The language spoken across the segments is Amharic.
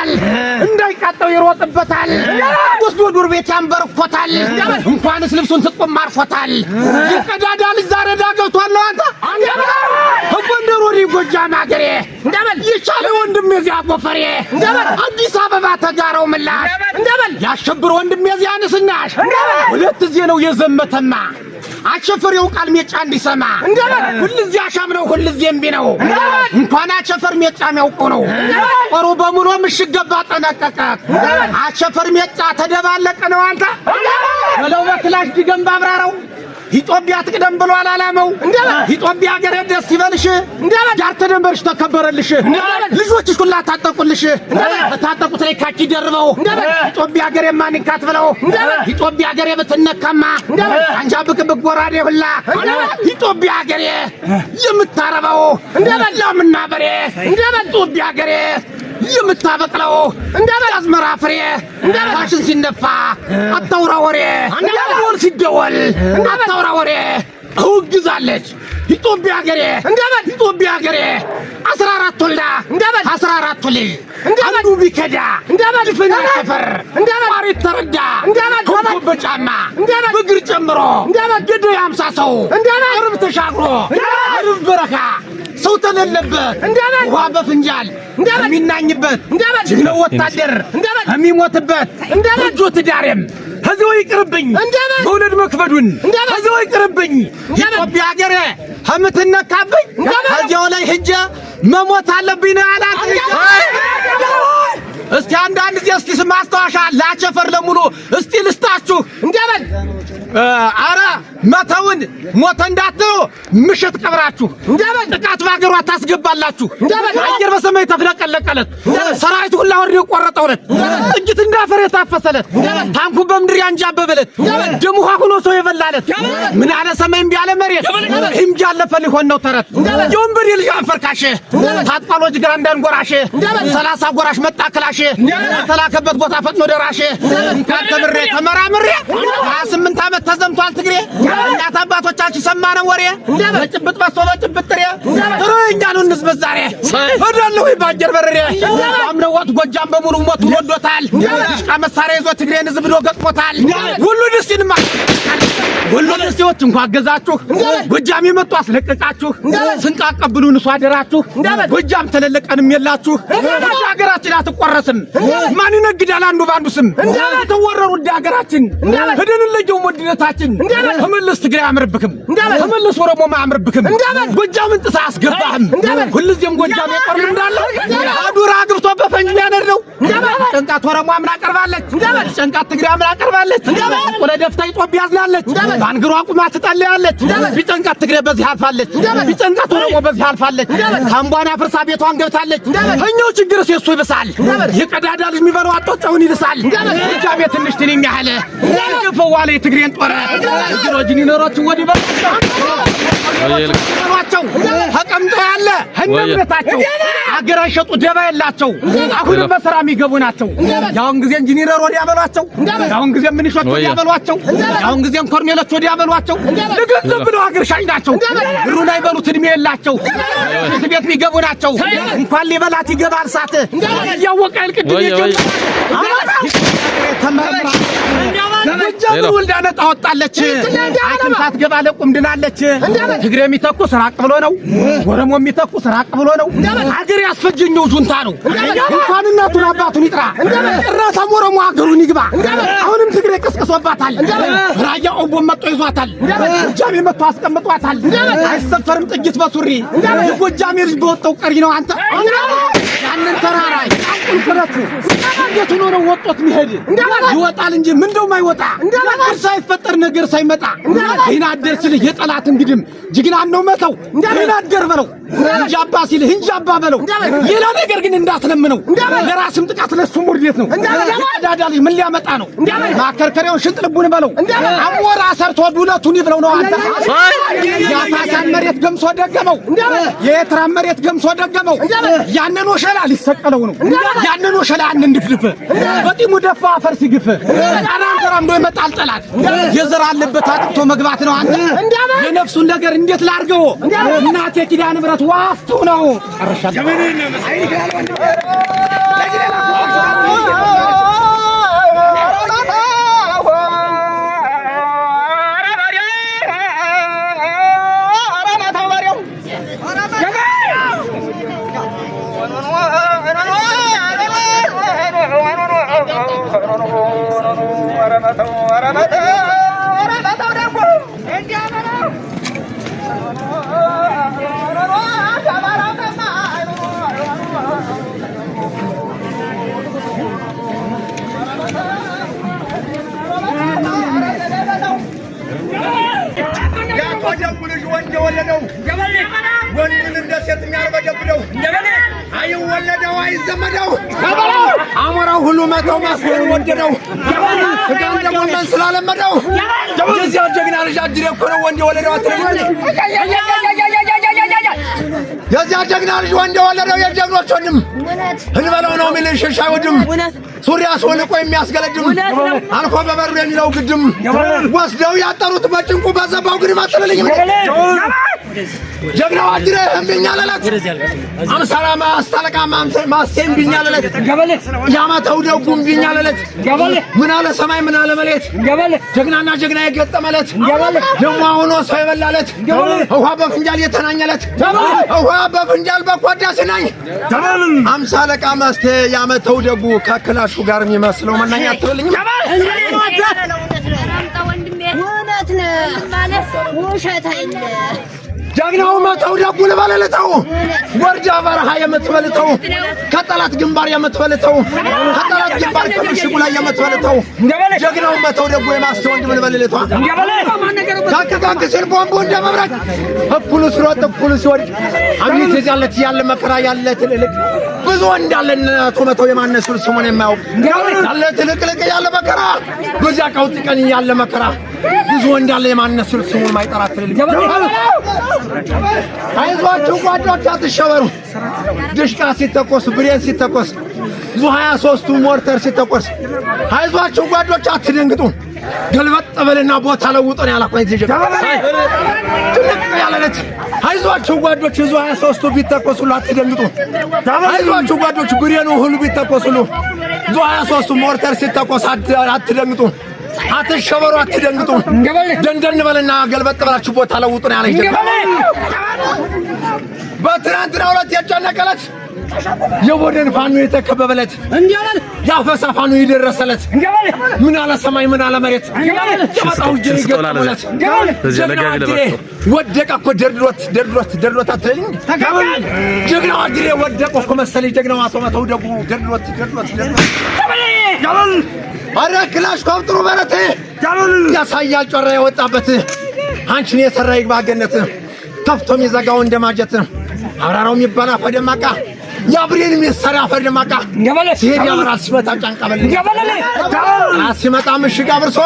ይሮጣል፣ እንዳይቃጠው ይሮጥበታል። ወስዶ ዱር ቤት ያንበርኮታል። እንኳንስ ልብሱን ትጥቁም ማርፎታል። ይቀዳዳል እዛ ረዳ ገብቷል። አንተ ከጎንደር ወዲህ ጎጃም አገሬ ይቻለ ወንድም የዚያ ጎፈሬ አዲስ አበባ ተጋራው ምላሽ እንደበል ያሸብር ወንድም የዚያ ንስናሽ እንደበል ሁለት ዜ ነው የዘመተማ አቸፈሬው ቃል ሜጫ እንዲሰማ ሁልጊዜ አሻም ነው፣ ሁልጊዜ እምቢ ነው። እንኳን አቸፈር ሜጫ የሚያውቀው ነው። ቆሩ በሙሉ ምሽግ ገባ ጠነቀቀት። አቸፈር ሜጫ ተደባለቀ ነው አንተ በለው በክላሽ ዲገም ባብራራው ኢትዮጵያ ትቅደም ብሏል እንዴ? ኢትዮጵያ ሀገር ደስ ይበልሽ፣ ዳር ደንበርሽ ተከበረልሽ፣ ልጆችሽ ሁላ ታጠቁልሽ፣ በታጠቁት ላይ ካኪ ደርበው ኢትዮጵያ ሀገር የማንካት ብለው ኢትዮጵያ ሀገር ብትነካማ አንጃ ብቅብቅ ጎራዴ ሁላ ኢትዮጵያ ሀገር የምታረበው እንደበላው ምናበሬ እንዴ? ኢትዮጵያ ሀገር የምታበቅለው እንደ በል አዝመራ ፍሬ እንደ በላሽን ሲነፋ አታውራ ወሬ እንደ በል ሲደወል አታውራ ወሬ እውግዛለች ኢትዮጵያ ሀገሬ እንደበል ኢትዮጵያ ሀገሬ አስራ አራት ወልዳ እንደበል አስራ አራት ወልድ እንደበል አንዱ ቢከዳ እንደበል ፍና ሰፈር እንደበል ማሬት ተረዳ እንደበል ኮኮብ በጫማ እንደበል ብግር ጨምሮ እንደበል ግድ ያምሳ ሰው እንደበል ቅርብ ተሻግሮ እንደበል ቅርብ በረካ ሰው ተለለበት ውሃ በፍንጃል የሚናኝበት ጀግናው ወታደር የሚሞትበት እጆ ትዳሬም ከዚያው ይቅርብኝ መውለድ መክበዱን ከዚያው ይቅርብኝ ኢትዮጵያ ሀገሬ ከምትነካብኝ ከዚያው ላይ ሂጄ መሞት አለብኝ ነው ያላት። እስቲ አንዳንድ ጊዜ እስቲ ማስታወሻ ላቸፈር ለሙሉ እስቲ ልስታችሁ እንደበል። አረ መተውን ሞተ እንዳትሉ ምሽት ቀብራችሁ እንደበል። ጥቃት በአገሯ ታስገባላችሁ እንደበል። አየር በሰማይ ተፍለቀለቀለት፣ ሰራዊት ሁላ ወዲህ ቆረጠውለት፣ ጥቂት እንዳፈር የታፈሰለት፣ ታንኩ በምድር ያንጃበበለት፣ ደም ውሃ ሆኖ ሰው የበላለት፣ ምን አለ ሰማይም አለ መሬት ይህም አለፈ ሊሆን ነው ተረት የወንበዴ ልጅ አንፈርካሽ ታጥቋሎች ጋር ጎራሽ ሰላሳ ጎራሽ መጣ ክላሽ ደራሼ የተላከበት ቦታ ፈጥኖ ደራሼ ተምሬ ተመራምሬ ሀያ ስምንት ዓመት ተዘምቷል ትግሬ። እናት አባቶቻችን ሰማነው ወሬ በጭብጥ በሶ በጭብጥ ጥሬ ጥሩ እኛኑ እንዝብ ዛሬ እደልሁ ባጀር በረሬ አምነወት ጎጃም በሙሉ ሞት ወዶታል። ሽቃ መሳሪያ ይዞ ትግሬን ዝብዶ ገጥሞታል። ሁሉ ድስቲንማ ሁሉ ደሴዎች እንኳ አገዛችሁ ጎጃም የመጡ አስለቀቃችሁ ስንቅ አቀብሉን እሷ አደራችሁ ጎጃም ተለለቀንም የላችሁ ሀገራችን አትቆረስ ስም ማን ይነግዳል አንዱ ባንዱ ስም እንዳላ ተወረሩ እንደ ሀገራችን ህድንለየው ወድነታችን ተመለስ ትግራይ አያምርብክም ተመለስ ኦሮሞማ አያምርብክም ጎጃምን ጥሳ አስገባህም ሁልጊዜም ጎጃም የቀርም እንዳለ አዱራ ግብቶ በፈንጅ ያነረው ጨንቃት ኦሮሞ አምና ቀርባለች ጨንቃት ትግራይ አምና ቀርባለች ወደ ደፍታ ኢትዮጵያ ያዝናለች ባንግሯ ቁማ ትጠለያለች ቢጨንቃት ትግራይ በዚህ አልፋለች ቢጨንቃት ኦሮሞ በዚህ አልፋለች ታምቧን አፍርሳ ቤቷን ገብታለች እኛው ችግርስ የሱ ይብሳል የቀዳዳ ልጅ የሚበለው አጥቶ ጨውን ይልሳል። እጃ ቤት ትንሽ ትንኝ ያህል ገፈዋለ የትግሬን ጦረ ጅሮጅን ይኖሮችን ወዲህ በ ተቀምጦ ያለ ህነብረታቸው አገር አይሸጡ ደባ የላቸው አሁንም በስራ የሚገቡ ናቸው። ያሁን ጊዜ ኢንጂነር ወዲያ በሏቸው፣ ያሁን ጊዜ ምንሾች ወዲያ በሏቸው፣ ያሁን ጊዜ ኮርኔሎች ወዲያ በሏቸው። ልግዝብ ብለው አገር ሻጭ ናቸው። ብሩን አይበሉት እድሜ የላቸው ቤት የሚገቡ ናቸው። እንኳን ሊበላት ይገባል እሳት እያወቀ ልቅድም ጀምሩ ወልዳነት አወጣለች። አኪምታት ገባለ ቁም ድናለች። ትግሬ የሚተኩስ ራቅ ብሎ ነው። ወረሞ የሚተኩስ ራቅ ብሎ ነው። አገር ያስፈጀኛው ጁንታ ነው። እንኳን እናቱን አባቱን ይጥራ ጭራታም ወረሞ አገሩን ይግባ። አሁንም ትግሬ ቀስቅሶባታል። ራያ ኦቦ መጦ ይዟታል። ጎጃሜ መጥቶ አስቀምጧታል። አይሰፈርም ጥይት በሱሪ ጎጃሜ ልጅ በወጣው ቀሪ ነው አንተ ያንን ተራራ ቁልቁለት እንዴት ሆኖ ነው ወጦት ሚሄድ ይወጣል እንጂ ምንደው ማይወጣ ነገር ሳይፈጠር ነገር ሳይመጣ ገና አደር ሲልህ የጠላትን ግድም ጅግናን ነው መተው ገና አደር በለው እንጂ ሲልህ እንጂ በለው። ሌላ ነገር ግን እንዳትለምነው። ለራስም ጥቃት ለሱም ውርዴት ነው። ዳዳ ልጅ ምን ሊያመጣ ነው? ማከርከሪያውን ሽንጥ ልቡን በለው። አሞራ ሰርቶ ዱለቱን ይብለው ነው። አንተ የአሳሳን መሬት ገምሶ ደገመው። የኤርትራን መሬት ገምሶ ደገመው። ያንን ወሸላ ሊሰቀለው ነው። ያንን ወሸላ አንድፍድፍ በጢሙ ደፋ አፈር ሲግፍ ጣናን ተራምዶ ይመጣል ጠላት። የዘር አለበት አጥቶ መግባት ነው። አንተ የነፍሱን ነገር እንዴት ላርገው? እናቴ ኪዳነ ምሕረት ዋፍቱ ነው። ነው ማስሆን ወደደው ስጋም ደግሞ ለን ስላለመደው እዚያ ጀግና ልጅ እኮ ነው ወንድ የወለደው። አትረግመኝ የዚያ ጀግና ልጅ ወንድ የወለደው የጀግኖች ወንድም እንበለው ነው የሚል ሽሻ ሱሪ አስወልቆ የሚያስገለድም አልፎ በበሩ የሚለው ግድም ወስደው ያጠሩት በጭንቁ በዘባው ግድም አትልልኝ ጀግናው አጅሬ እምብኛል አለት አምሳላ ማስታለቃ ማስቴ እምብኛል አለት ያማተው ደጉ እምብኛል አለት ምን አለ ሰማይ ምን አለ መሬት ጀግናና ጀግና የገጠመ አለት ደግሞ ሆኖ ሰው የበላ አለት ውሃ በፍንጃል የተናኝ አለት ውሃ በፍንጃል በኮዳ ስናኝ አምሳለቃ ማስቴ ያመተው ደጉ ከክላሹ ጋር የሚመስለው መናኛ አትበልኝም። እውነት ነው ማለት ውሸት አይደለም። ጀግናው መተው ደጉን በለለተው ወርጃ በረሃ የምትበልተው ከጠላት ግንባር የምትበልተው ከጠላት ግንባር ከምሽጉ ላይ የምትበልተው ጀግናው መተው ደጉ የማስተወንድ ምን በለለቷ ታከካክ ሲል ቦምቡ እንደ መብረቅ እኩሉ ሲሮጥ እኩሉ ሲወድቅ አሚት ይዛለት ያለ መከራ ያለ ትልልቅ ብዙ እንዳለ እናቱ መተው የማነሱን ስሙን የማያውቅ ያለ ትልቅልቅ ያለ መከራ ብዙ ቀን ያለ መከራ ብዙ እንዳለ የማንነት ስል ስሙን ማይጠራት ትልልኝ አይዟችሁ ጓዶች አትሸበሩ። ድሽቃ ሲተኮስ ብሬን ሲተኮስ ዙ ሀያ ሶስቱ ሞርተር ሲተኮስ አይዟችሁ ጓዶች አትደንግጡ። ገልበጥ በልና ቦታ ለውጦን ያላኳኝ ትጀ ትልቅ ያለነት አይዟችሁ ጓዶች ዙ ሀያ ሶስቱ ሁሉ አትደንግጡ። አይዟችሁ ጓዶች ብሬኑ ሁሉ ቢተኮሱሉ ዙ ሀያ ሶስቱ ሞርተር ሲተኮስ አትደንግጡ። አትሸበሩ፣ አትደንግጡ። ደንደን በልና ገልበጥ ብላችሁ ቦታ ለውጡ ነው ያለኝ። በትናንትናው ሁለት የጨነቀለት የቦደን ፋኑ የተከበበለት ያፈሳ ፋኑ የደረሰለት ምን አለ ሰማይ ምን አለ መሬት ጨበጣው ጀሪ ገጠመለት ወደቀ እኮ ደርድሮት ደርድሮት ደርድሮት አትለኝ ጀግናው አድሬ ወደቀ እኮ መሰለኝ ጀግናው አቶ መተው ደጉ ደርድሮት ደርድሮት ደርድሮት አረ ክላሽ ኮብጥሩ በረት ያሳያል ጮራ የወጣበት አንቺን የሰራ ይግባ ገነት ከፍቶ የሚዘጋው እንደማጀት አብራራው የሚባል አፈ ደማቃ የአብሬን የሚሰራ አፈ ደማቃ ሲሄድ ያበራል ሲመጣ ጫንቃበል ሲመጣ ምሽግ አብርሶ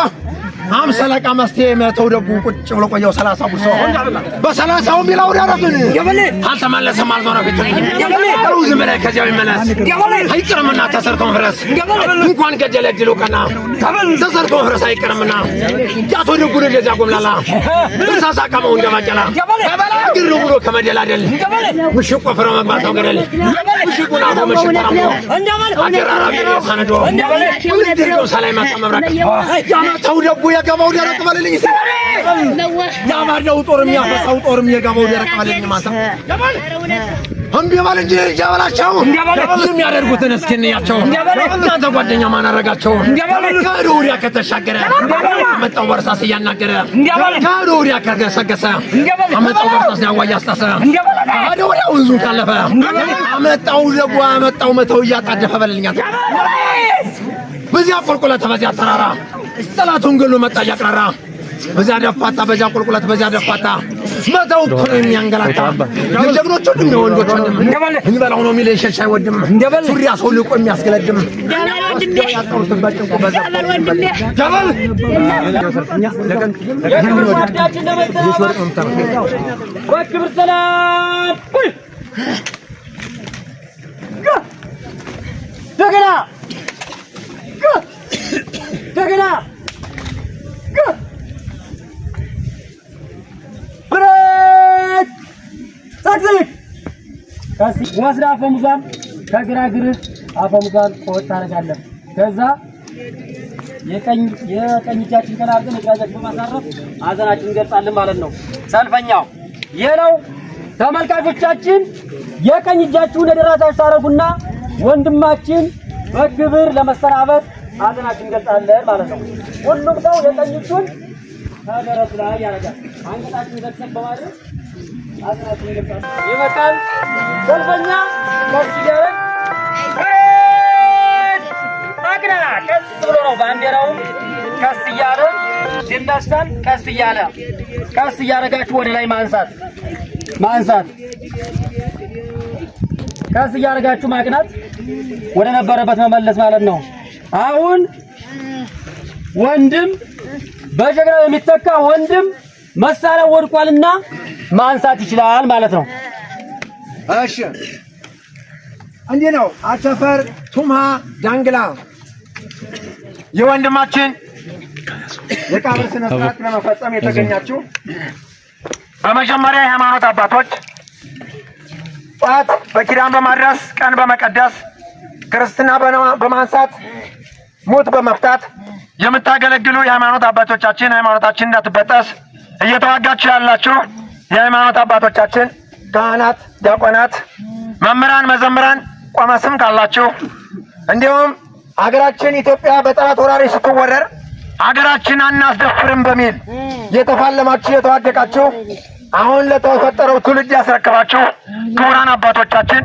አምሳ ለቃ መስቴ መተው ደጉ ቁጭ ብሎ ቆየው ሰላሳ ጉድ ሰው በሰላሳው ሚላው ዳረብን አልተመለሰ ማለት ነው። ፊት ሩ ዝም ብለህ ከዚያ ይመለስ አይቀርምና ተሰርቶ መፍረስ እንኳን ገጀለ ድሎ ቀና ተሰርቶ መፍረስ አይቀርምና ያቶ ደጉ ነው ደዛ ጎምላላ እርሳሳ ቀመው እንደማጨላ ግር ብሎ ከመደላደል ምሽግ ቆፍረ መግባት ነው ገደል ምሽጉን አቶ ምሽግ ተራሞ አጀራራቢ ነው ሳነዶ ምድር ነው ሰላይ ማጣ መብራቅ ያመተው ደጉ ያ የጋባው ደረቅ በልልኝ። ያማረው ጦር የሚያፈሳው ጦርም የጋባው ደረቅ በልልኝ። ማታ እምቢ በል እንጂ ጀበላቸው የሚያደርጉትን እስኪ እንያቸው። እናንተ ጓደኛ ማን አረጋቸው? ከዶ ወዲያ ከተሻገረ አመጣው በርሳስ እያናገረ ከዶ ወዲያ ከገሰገሰ አመጣው በርሳስ ያዋ እያስታሰ ከዶ ወዲያ ወንዙን ካለፈ አመጣው ደጓ አመጣው መተው እያጣደፈ በልልኛት በዚያ ቁልቁለት በዚያ ተራራ ጠላት ወንጌል መጣ እያቅራራ በዚያ ደፋታ፣ በዚያ ቁልቁለት፣ በዚያ ደፋታ መተው እኮ ነው የሚያንገላታ። የጀግኖች ወንድም የወንዶች ወንድም እንበላው ነው የሚል የሸሻ አይወድም ሱሪ አስወልቆ የሚያስገለድም ደግና እንደገና ብረት ጠቅዝቅ ወስደ አፈሙዛን ከግራ ግርህ አፈሙዛን ቆጥ ታደርጋለህ። ከዛ የቀኝ እጃችን ቀና አድርገን እጃችን በማሳረፍ ሀዘናችን እንገልጻለን ማለት ነው። ሰልፈኛው ይህ ተመልካቾቻችን የቀኝ እጃችሁን የደረታችሁ ታደርጉና ወንድማችን በክብር ለመሰናበት ሀዘናችን እንገልጻለን ማለት ነው። ሁሉም ሰው የቀኝ እጁን ከደረቱ ላይ ያደርጋል። አንገታችን ገሰብ በማድረግ ሀዘናችን እንገልጻለን። ይመጣል ሰልፈኛ ቀስ እያደረግ አግና ቀስ ብሎ ነው ባንዲራውን ቀስ እያደረግ ሲነሳል ቀስ እያለ ቀስ እያደረጋችሁ ወደ ላይ ማንሳት ማንሳት ቀስ እያደረጋችሁ ማቅናት ወደ ነበረበት መመለስ ማለት ነው። አሁን ወንድም በጀግና የሚተካ ወንድም መሳሪያ ወድቋልና ማንሳት ይችላል ማለት ነው። እሺ እንዲህ ነው አቸፈር ቱማ ዳንግላ የወንድማችን የቀብር ስነ ስርዓት ለመፈጸም የተገኛችሁ በመጀመሪያ የሃይማኖት አባቶች ጠዋት በኪዳን በማድረስ ቀን በመቀደስ ክርስትና በማንሳት ሞት በመፍታት የምታገለግሉ የሃይማኖት አባቶቻችን ሃይማኖታችን እንዳትበጠስ እየተዋጋችሁ ያላችሁ የሃይማኖት አባቶቻችን ካህናት፣ ዲያቆናት፣ መምህራን፣ መዘምራን፣ ስም ካላችሁ እንዲሁም አገራችን ኢትዮጵያ በጠላት ወራሪ ስትወረር አገራችን አናስደፍርም በሚል የተፋለማችሁ የተዋደቃችሁ አሁን ለተፈጠረው ትውልድ ያስረክባችሁ ክቡራን አባቶቻችን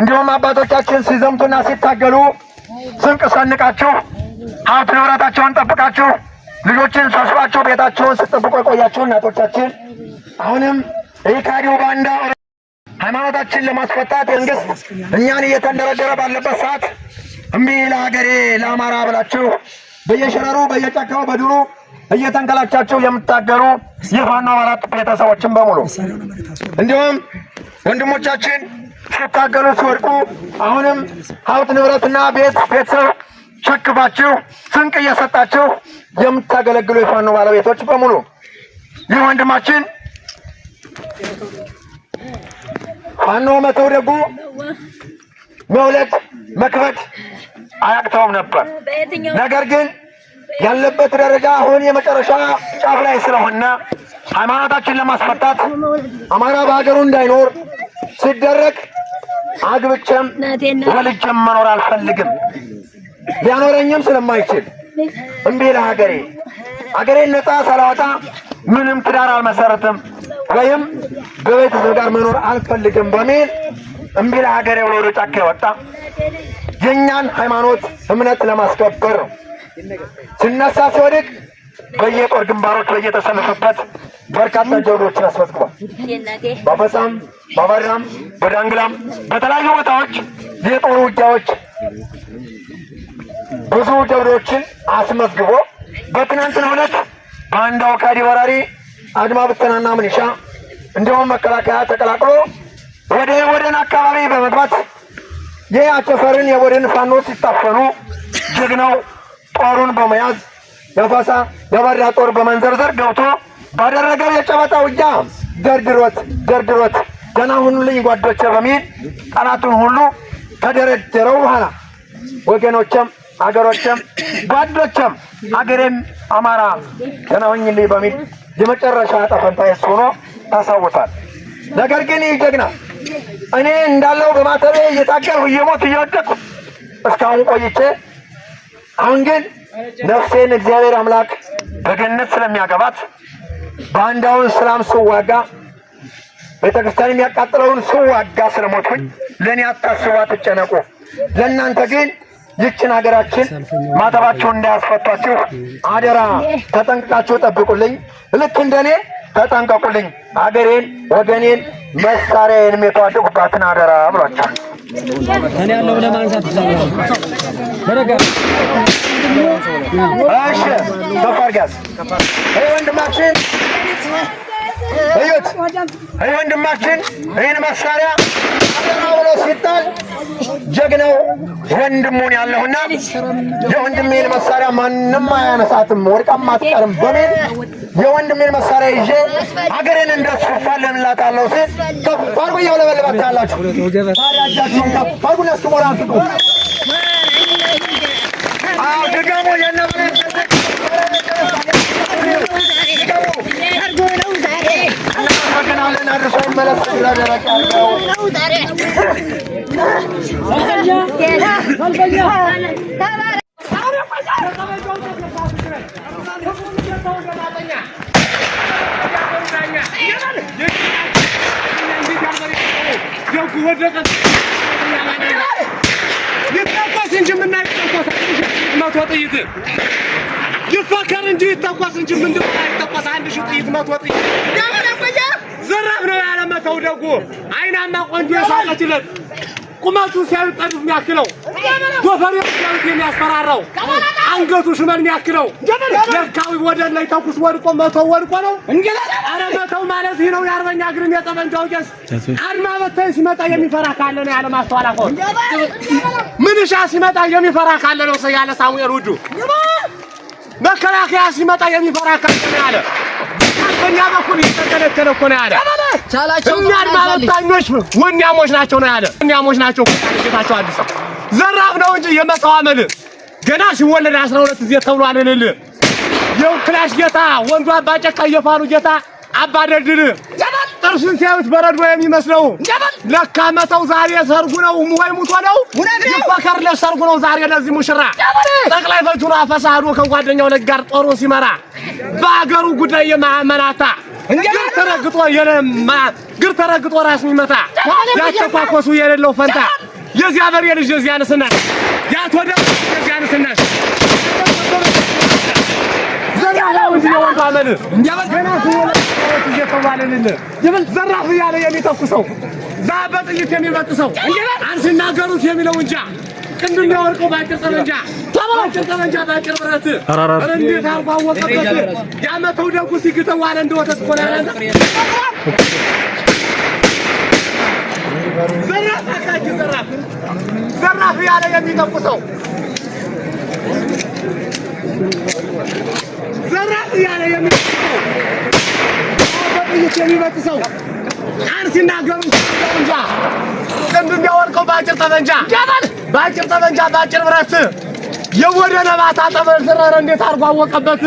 እንዲሁም አባቶቻችን ሲዘምቱና ሲታገሉ ስንቅ ሰንቃችሁ ሀብት ንብረታቸውን ጠብቃችሁ ልጆችን ሰብስባችሁ ቤታቸውን ስጠብቁ የቆያችሁ እናቶቻችን አሁንም የኢካዲው ባንዳ ሃይማኖታችን ለማስፈታት መንግስት እኛን እየተንደረደረ ባለበት ሰዓት እምቢ ለሀገሬ ለአማራ ብላችሁ በየሸረሩ በየጫካው በድሩ እየተንከላቻችሁ የምታገሩ የፋኖ አባላት ቤተሰቦችን በሙሉ እንዲሁም ወንድሞቻችን ሲታገሉ ሲወድቁ አሁንም ሀብት ንብረትና ቤት ቤተሰብ ሸክፋችሁ ስንቅ እየሰጣችሁ የምታገለግሉ የፋኖ ባለቤቶች በሙሉ ይህ ወንድማችን ፋኖ መተው ደጉ መውለድ መክበድ አያቅተውም ነበር። ነገር ግን ያለበት ደረጃ አሁን የመጨረሻ ጫፍ ላይ ስለሆነ ሃይማኖታችን ለማስፈታት አማራ በሀገሩ እንዳይኖር ሲደረግ አግብቼም ወልጄም መኖር አልፈልግም። ሊያኖረኝም ስለማይችል እምቢ ለሀገሬ ሀገሬን ነፃ ሳላወጣ ምንም ትዳር አልመሰረትም ወይም በቤተሰብ ጋር መኖር አልፈልግም በሚል እምቢ ለሀገሬ ብሎ ወደ ጫካ የወጣ የእኛን ሃይማኖት እምነት ለማስከበር ነው። ሲነሳ ሲወድቅ በየጦር ግንባሮች በየተሰለፈበት በርካታ ጀብዶችን አስመዝግቧል። በፈሳም፣ በበራም፣ በዳንግላም በተለያዩ ቦታዎች የጦር ውጊያዎች ብዙ ጀብዶችን አስመዝግቦ በትናንትናው ዕለት በአንድ አውካዲ በራሪ አድማ ብተናና ምንሻ እንዲሁም መከላከያ ተቀላቅሎ ወደ ወደን አካባቢ በመግባት የአቸፈርን የወደን ፋኖ ሲታፈኑ ጀግናው ጦሩን በመያዝ የፈሳ የበራ ጦር በመንዘርዘር ገብቶ ባደረገው የጨበጣ ውጊያ ደርድሮት ደርድሮት ደህና ሁኑልኝ ጓዶቼ በሚል ጠላቱን ሁሉ ከደረደረው በኋላ ወገኖችም፣ አገሮችም ጓዶችም አገሬም አማራ ደህና ሁኝልኝ በሚል የመጨረሻ የሱ ሆኖ ታሳውታል። ነገር ግን ይህ ጀግና እኔ እንዳለው በማተቤ እየታገልሁ እየሞት እየወደቅሁ እስካሁን ቆይቼ አሁን ግን ነፍሴን እግዚአብሔር አምላክ በገነት ስለሚያገባት ባንዳውን ሰላም ስዋጋ ቤተክርስቲያን የሚያቃጥለውን ስዋጋ ስለሞትኩኝ ለእኔ አታስቡ፣ አትጨነቁ። ለእናንተ ግን ይችን ሀገራችን ማተባቸውን እንዳያስፈቷችሁ አደራ፣ ተጠንቅቃችሁ ጠብቁልኝ። ልክ እንደኔ ተጠንቀቁልኝ። አገሬን፣ ወገኔን፣ መሳሪያዬን የተዋደቁባትን አደራ ብሏቸዋል። እኔ ያለው ለማንሳት ይችላል። ወንድማችን እዩት። ይህ ወንድማችን ይህን መሳሪያ ብሎ ሲጣል ጀግናው ወንድሙን ያለሁና የወንድሜን መሳሪያ ማንም አያነሳትም፣ ወድቃም አትቀርም በሚል የወንድሜን መሳሪያ ይዤ አገሬን እንዳስፋፋለን እላታለሁ ሲል ከፍ ታዲያ እጃችሁን ከፍ ይተኳስ እንጂ ምን መቶ ጥይት ይፈከር እንጂ ይተኳስ እንጂ ምን ይተኳስ አንድ ሺህ ጥይት መቶ ጥይት ዘራፍ ነው። ተው ደጉ አይናማ ቆንጆ የሳቀችለት ቁመቱ ሲያዩት የሚያክለው ጎፈሬ ሲያዩት የሚያስፈራራው አንገቱ ሽመን የሚያክለው ለካዊ ወደ ላይ ተኩስ ወድቆ መቶ ወድቆ ነው። አረ መተው ማለት ይህ ነው። የአርበኛ ግርም የጠመንጃው ቄስ አድማ በታኝ ሲመጣ የሚፈራ ካለ ነው ያለ ማስተዋል አፈወርቅ ምንሻ ሲመጣ የሚፈራ ካለ ነው ሰው ያለ ሳሙኤል ውዱ መከላከያ ሲመጣ የሚፈራ ካለ ነው ያለ በእኛ በኩል እየተከለከለ እኮ ነው ያለ ቻላቸው እኛ አድማ ወንያሞች ናቸው ነው ያለ። ወንያሞች ናቸው ጌታቸው አዲስ ዘራፍ ነው እንጂ የመቃወምል ገና ሲወለድ 12 ጊዜ ተብሎ አለልል የው ክላሽ ጌታ ወንዱ አባ ጨካ እየፋሉ ጌታ አባ ደድል ጥርሱን ሲያዩት በረዶ የሚመስለው ለካ መተው ዛሬ ሰርጉ ነው ወይ ሙቶ ነው ይፈከር ለሰርጉ ነው ዛሬ ለዚህ ሙሽራ ጠቅላይ ፈጁን አፈሳ ከጓደኛው ለጋር ጦሩ ሲመራ በአገሩ ጉዳይ የማመናታ ግር ተረግጦ የለማ ግር ተረግጦ ራስ የሚመታ ያተኳኮሱ የሌለው ፈንታ የዚያ በሬ ልጅ የዚያ ንስናሽ ያቶ ደም የዚያ ንስናሽ ዘራፍ እያለ የሚተኩሰው በጥይት የሚበጥሰው አንስናገሩት የሚለው እንጃ ቅድም የሚያወድቀው በአጭር ጠመንጃ በአጭር ጠመንጃ በአጭር ብረት እንዴት አርጎ ያመተው ደጉ ሲግጠው ዋለ እንደ ወተት እኮ ነው ያለ ዘራፍ ዘራፍ ዘራፍ ያለ የሚተኩሰው ዘራፍ ያለ የሚተኩሰው የሚበጥሰው አንሲና ገሩን ጠመንጃ ቀንዱ የሚያወልቀው በአጭር ጠመንጃ በአጭር ጠመንጃ በአጭር ብረት የወደነ ባታ ጠመንዝረረ እንዴት አድርጎ አወቀበት?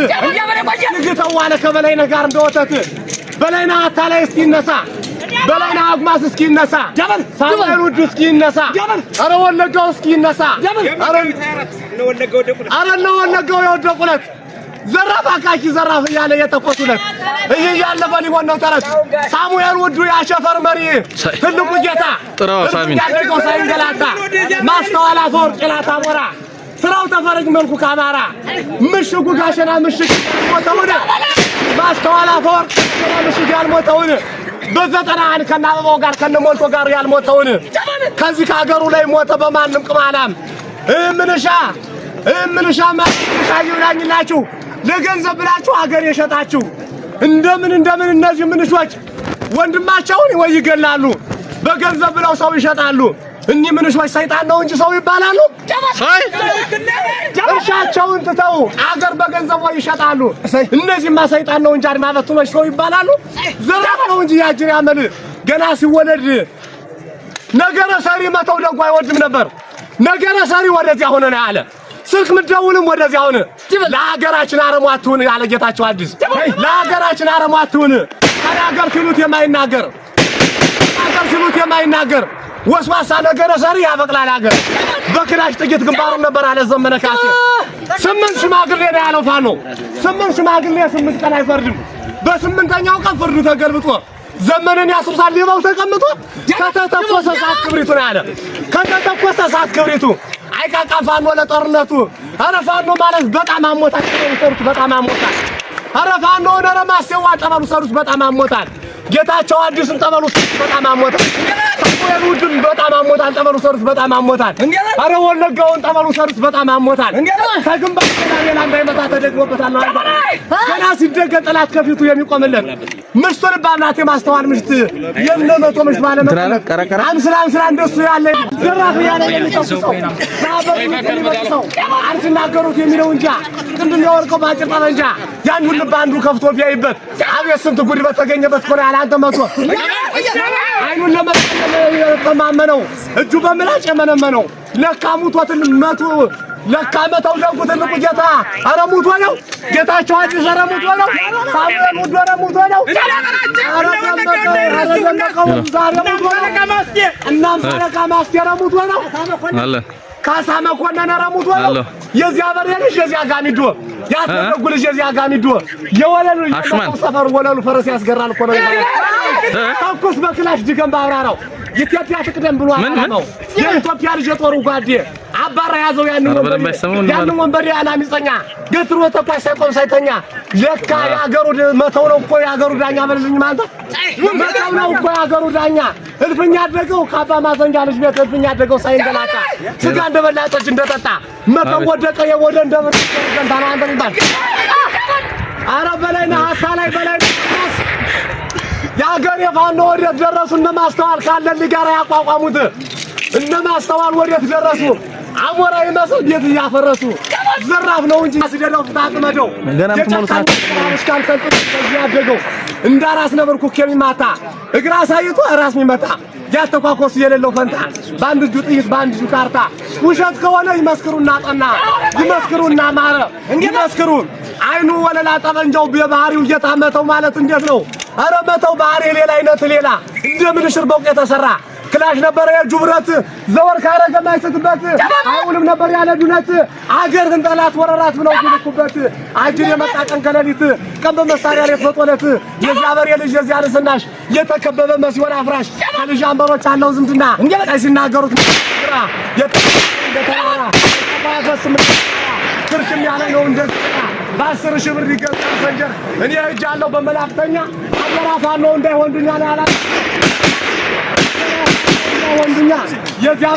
ንግተዋለ ከበላይ ነጋር እንደወተት በላይና አታላይ እስኪነሳ በላይና አጉማስ እስኪነሳ ሳምራይ ውዱ እስኪነሳ ኧረ ወለጋው እስኪነሳ ኧረ እነ ወለጋው የወደቁለት ዘራፍ አቃቂ ዘራፍ እያለ እየተኮሱለት እያለፈ ሊሆን ነው ተረት። ሳሙኤል ውዱ የአሸፈር መሪ ትልቁ ጌታ ጥራው ሳሚን ያደቀው ሳይንገላታ ማስተዋላ አፈወርቅ ጭላታ ሞራ ስራው ተፈረጅ መልኩ ካማራ ምሽጉ ጋሸና ምሽግ ሞተውን ማስተዋል አፈወርቅ ምሽግ ያልሞተውን በዘጠና አንድ ከነአበባው ጋር ከነሞልቶ ጋር ያልሞተውን ከዚህ ከሀገሩ ላይ ሞተ በማንም ቅማላም እምንሻ እምንሻ ማ ይብላኝላችሁ ለገንዘብ ብላችሁ አገር የሸጣችሁ እንደምን እንደምን እነዚህ ምንሾች ወንድማቸውን ወይ ይገላሉ፣ በገንዘብ ብለው ሰው ይሸጣሉ። እኒህ ምንሾች ሰይጣን ነው እንጂ ሰው ይባላሉ። እርሻቸውን ትተው አገር በገንዘብ ወይ ይሸጣሉ። እነዚህማ ሰይጣን ነው እንጂ አድማ በትኖች ሰው ይባላሉ። ዘራፍ ነው እንጂ ያጅር ያመል ገና ሲወለድ ነገረ ሰሪ መተው ደጉ አይወድም ነበር። ነገረ ሰሪ ወደዚያ ሆነ ነው ያለ ስልክ ምደውልም ወደዚህ አሁን ለሀገራችን አረሟ አትሁን ያለ ጌታቸው አዲስ ለሀገራችን አረሟ አትሁን ተናገር ሲሉት የማይናገር ተናገር ሲሉት የማይናገር ወስዋሳ ነገረ ሰሪ ያበቅላል ሀገር በክላሽ ጥቂት ግንባሩን ነበር አለ ዘመነ ካሴ። ስምንት ሽማግሌ ነው ያለው ፋኖ ስምንት ሽማግሌ ስምንት ቀን አይፈርድም። በስምንተኛው ቀን ፍርዱ ተገልብጦ ዘመንን ያስሩሳል ሊበው ተቀምጦ ከተተኮሰ ሰዓት ክብሪቱ ነው ያለ ከተተኮሰ ሰዓት ክብሪቱ አይካካ ፋኖ ለጦርነቱ። ኧረ ፋኖ ማለት በጣም አሞታል። ሰሩት በጣም አሞታል። ኧረ ፋኖ ወደ ማሴዋ ጠበሉ ሰሩት በጣም አሞታል። ጌታቸው አዲሱን ጠበል ውስጥ በጣም አሞታል። ሳሙኤል ውድም በጣም አሞታል። ጠበል ውስጥ በጣም አሞታል። አረ ወለጋውን ጠበል ውስጥ በጣም አሞታል። ከግንባር ገና ሌላ እንዳይመጣ ተደግሞበታል ነው ገና ሲደገ ጠላት ከፊቱ የሚቆምለት ምሽቱን በአምናት የማስተዋል ምሽት የምነመቶ ምሽት ባለመጠለቅ አምስላ አምስላ እንደሱ ያለ ዘራፍ ያለ የሚጠፍሰው ዛበሩ የሚመጥሰው የሚለው እንጃ ቅንድ የሚያወርቀው በአጭር ጠመንጃ ያን ሁሉ በአንዱ ከፍቶ ቢያይበት አቤት ስንት ጉድ በተገኘበት ኮና ያላ አንተ መቶ አይኑን ለመጠቀም እጁ በምላጭ የመነመነው ለካ ሙቶትን መቶ ለካ መተው ደጉ ትልቁ ጌታ አረ ሙቶ ነው ጌታቸው አዲስ አረ ሙቶ ነው ሳሙኤል ሙቶ ነው እናም ፈለቃ ማስቴ አረ ሙቶ ነው ካሳ መኮንን ረሙት ወለው የዚያ በር ልጅ የዚያ ጋሚዶ ያተረጉ ልጅ የዚያ ጋሚዶ የወለሉ ሰፈር ወለሉ ፈረስ ያስገራል እኮ ነው። ተኩስ በክላሽ ድገም ባብራራው ኢትዮጵያ ትቅደም ብሎ ነው የኢትዮጵያ ልጅ የጦሩ ጓዴ አባራ ያዘው ያንን ወንበዴ ያንን ወንበዴ አላሚፀኛ ገትሮ ተኳሽ ሳይቆም ሳይተኛ ለካ የአገሩ መተው ነው እኮ የአገሩ ዳኛ በልልኝ ማለት መተው ነው እኮ የአገሩ ዳኛ እልፍኝ ያደገው ካባ ማዘንጋ ልጅ ቤት እልፍኝ ያደገው ሳይንገላታ ስጋ እንደበላ ጠጅ እንደጠጣ መተው ወደቀ የወደ እንደብር ገንታ ነው አንተ ሚባል አረ በላይ ነህ ሀታ ላይ በላይ ነህ የአገሬ ፋኖ ወዴት ደረሱ? እነ ማስተዋል ካለልኝ ጋር ያቋቋሙት እነ ማስተዋል ወዴት ደረሱ? አሞራዊና ሰው ቤት እያፈረሱ ዘራፍ ነው እንጂ አስደረው ታጥመደው ገና ምትሞሉ ሰዓት እስካን ሰልጥ ያደገው እንዳራስ ነበር ኩክ የሚማታ እግራ ሳይቶ ራስ የሚመታ ያተኳኮሱ የሌለው ፈንታ በአንድ እጁ ጥይት በአንድ እጁ ካርታ ውሸት ከሆነ ይመስክሩና ጠና ይመስክሩና ማረ ይመስክሩ አይኑ ወለላ ጠመንጃው በባህሪው እየታመተው ማለት እንዴት ነው? ኧረ መተው ባህሪ ሌላ አይነት ሌላ እንደምን ሽርበቅ የተሰራ ክላሽ ነበረ የእጁ ብረት ዘወር ካረገ ማይሰትበት አይውልም ነበር ያለ ዱነት አገርህን ጠላት ወረራት ብለው ይልኩበት አጅን የመጣ ቀን ከሌሊት ቀን በመሳሪያ ሌት በጦለት የዚያ የዚያ ልስናሽ የተከበበ መስዮን አፍራሽ ከልጅ አንበሮች አለው ዝምድና ቀይ ሲናገሩት ራ የተራራ ያለ ነው በአስር ሺህ ብር ይገዛል እኔ እጅ አለው አገራፋ ነው ወንድኛ